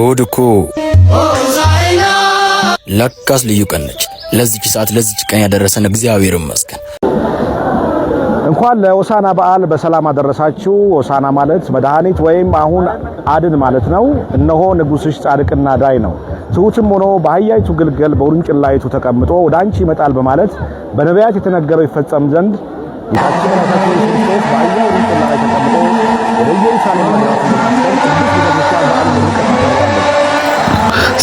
እሑድ እኮ ለካስ ልዩ ቀን ነች። ለዚች ሰዓት ለዚች ቀን ያደረሰን እግዚአብሔር ይመስገን። እንኳን ለሆሳዕና በዓል በሰላም አደረሳችሁ። ሆሳዕና ማለት መድኃኒት ወይም አሁን አድን ማለት ነው። እነሆ ንጉሥሽ ጻድቅና ዳይ ነው፣ ትሑትም ሆኖ በአህያይቱ ግልገል በውርንጭላይቱ ተቀምጦ ወደ አንቺ ይመጣል በማለት በነቢያት የተነገረው ይፈጸም ዘንድ ጌታችን ተቀምጦ ወደ ኢየሩሳሌም መግባት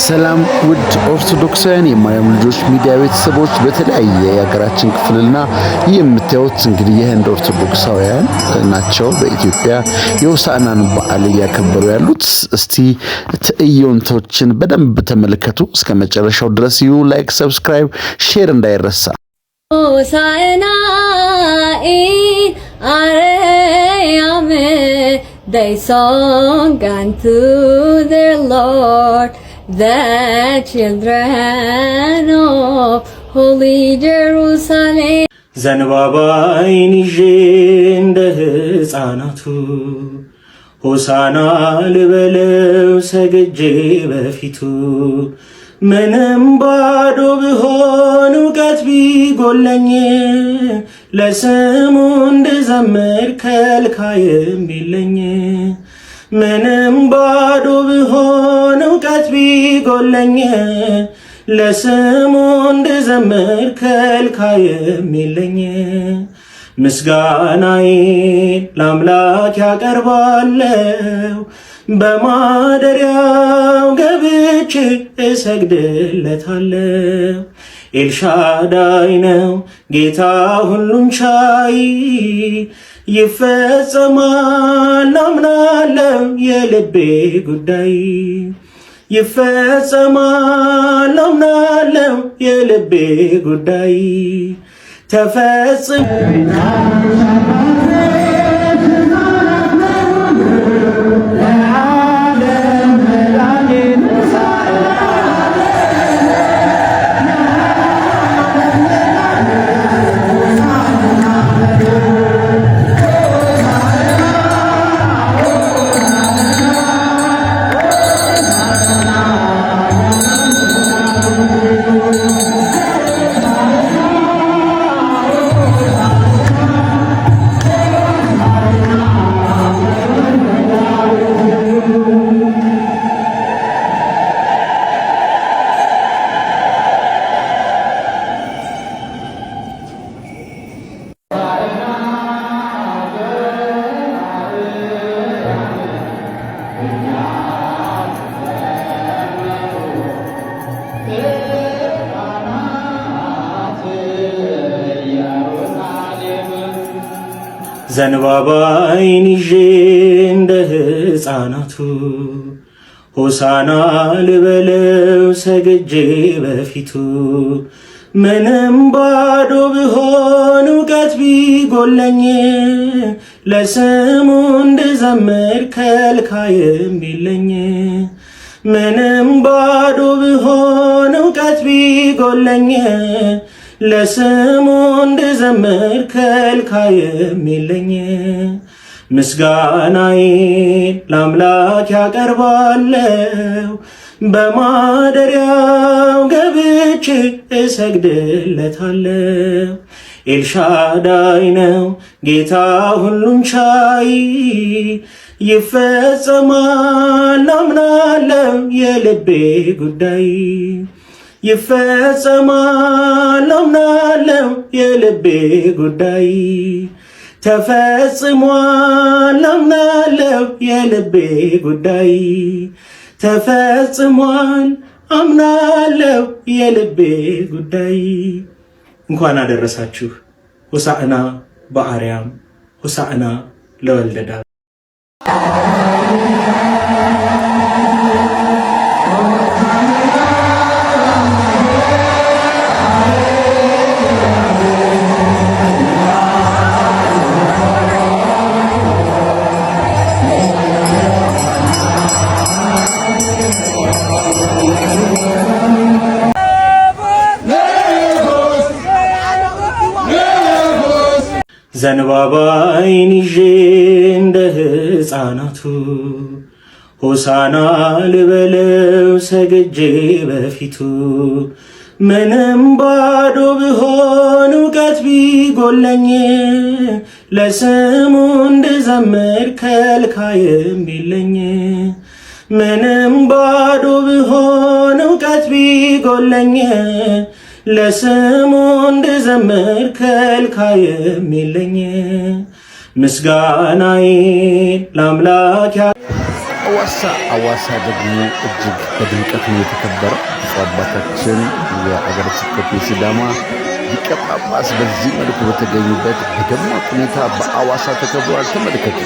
ሰላም ውድ ኦርቶዶክሳውያን የማርያም ልጆች ሚዲያ ቤተሰቦች በተለያየ የሀገራችን ክፍልና የምታዩት እንግዲህ የህንድ ኦርቶዶክሳውያን ናቸው። በኢትዮጵያ የሆሳዕናን በዓል እያከበሩ ያሉት። እስቲ ትዕይንቶችን በደንብ ተመልከቱ እስከ መጨረሻው ድረስ ይሁ። ላይክ፣ ሰብስክራይብ፣ ሼር እንዳይረሳ። ሆሳዕና They sung the children of holy Jerusalem. ዘንባባይን ይዤ እንደ ሕፃናቱ ሆሳና ልበለው ሰግጄ በፊቱ ምንም ባዶ ብሆን እውቀት ቢጎለኝ ለስሙ እንድዘምር ከልካይም ቢለኝ ምንም ባዶ ብሆን እውቀት ቢጎለኝ ለስሙ እንድዘምር ከልካ የሚለኝ ምስጋናዬን ለአምላክ ያቀርባለው በማደሪያው ገብቼ እሰግድለታለሁ። ኤልሻዳይ ነው ጌታ ሁሉን ቻይ ይፈጸማል አምናለም የልቤ ጉዳይ ይፈጸማል አምናለም የልቤ ጉዳይ ተፈጽሞ ዘንባባ ይዤ እንደ ሕፃናቱ ሆሳና ልበለው ሰግጄ በፊቱ ምንም ባዶ ብሆን እውቀት ቢጎለኝ ለስሙ እንድዘምር ከልካይም ቢለኝ ምንም ባዶ ብሆን እውቀት ቢጎለኝ ለስሙ እንድዘምር ከልካ የሚለኝ ምስጋናዬን ለአምላክ ያቀርባለው በማደሪያው ገብቼ እሰግድለታለው። ኤልሻዳይ ነው ጌታ ሁሉን ቻይ፣ ይፈጸማል አምናለው የልቤ ጉዳይ ይፈጸማል አምናለሁ የልቤ ጉዳይ ተፈጽሟል አምናለሁ የልቤ ጉዳይ ተፈጽሟል አምናለሁ የልቤ ጉዳይ። እንኳን አደረሳችሁ። ሆሳዕና በአርያም ሆሳዕና ለወልደ ዳዊት። ዘንባባ አይን ይዤ እንደ ሕፃናቱ ሆሳና ልበለው ሰግጄ በፊቱ ምንም ባዶ ብሆን እውቀት ቢጎለኝ ለስሙ እንድዘምር ከልካይም ቢለኝ ምንም ባዶ ብሆን እውቀት ቢጎለኝ ለስሙ እንድዘምር ከልካ የሚለኝ ምስጋናዬ ለአምላክ። አዋሳ አዋሳ ደግሞ እጅግ በድምቀት ነው የተከበረ አባታችን የአገረ ስብከቱ የሲዳማ ሊቀ ጳጳስ በዚህ መልኩ በተገኙበት በደማቅ ሁኔታ በአዋሳ ተከብሯል። ተመልከቱ።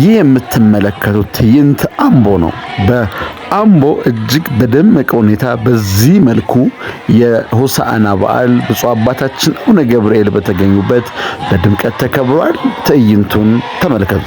ይህ የምትመለከቱት ትዕይንት አምቦ ነው። በአምቦ እጅግ በደመቀ ሁኔታ በዚህ መልኩ የሆሳዕና በዓል ብፁዕ አባታችን አቡነ ገብርኤል በተገኙበት በድምቀት ተከብሯል። ትዕይንቱን ተመልከቱ።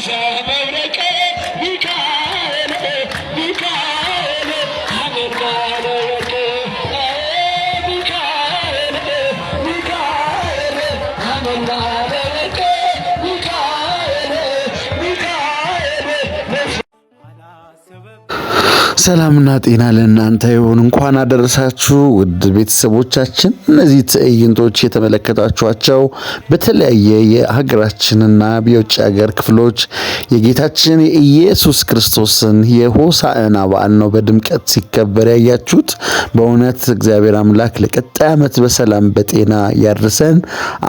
What's up? ሰላምና ጤና ለእናንተ ይሁን። እንኳን አደረሳችሁ ውድ ቤተሰቦቻችን። እነዚህ ትዕይንቶች የተመለከታችኋቸው በተለያየ የሀገራችንና የውጭ ሀገር ክፍሎች የጌታችን የኢየሱስ ክርስቶስን የሆሳዕና በዓል ነው በድምቀት ሲከበር ያያችሁት። በእውነት እግዚአብሔር አምላክ ለቀጣይ ዓመት በሰላም በጤና ያድርሰን።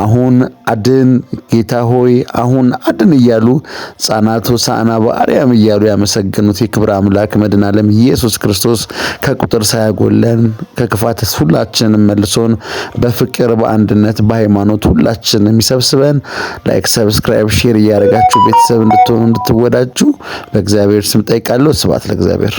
አሁን አድን ጌታ ሆይ አሁን አድን እያሉ ሕጻናት ሆሳዕና በአርያም እያሉ ያመሰግኑት የክብር አምላክ መድኃኔ ዓለም ኢየሱስ ክርስቶስ ከቁጥር ሳያጎለን ከክፋት ሁላችንም መልሶን በፍቅር በአንድነት በሃይማኖት ሁላችንም ይሰብስበን። ላይክ፣ ሰብስክራይብ፣ ሼር እያደረጋችሁ ቤተሰብ እንድትሆኑ እንድትወዳጁ በእግዚአብሔር ስም ጠይቃለሁ። ስብሐት ለእግዚአብሔር።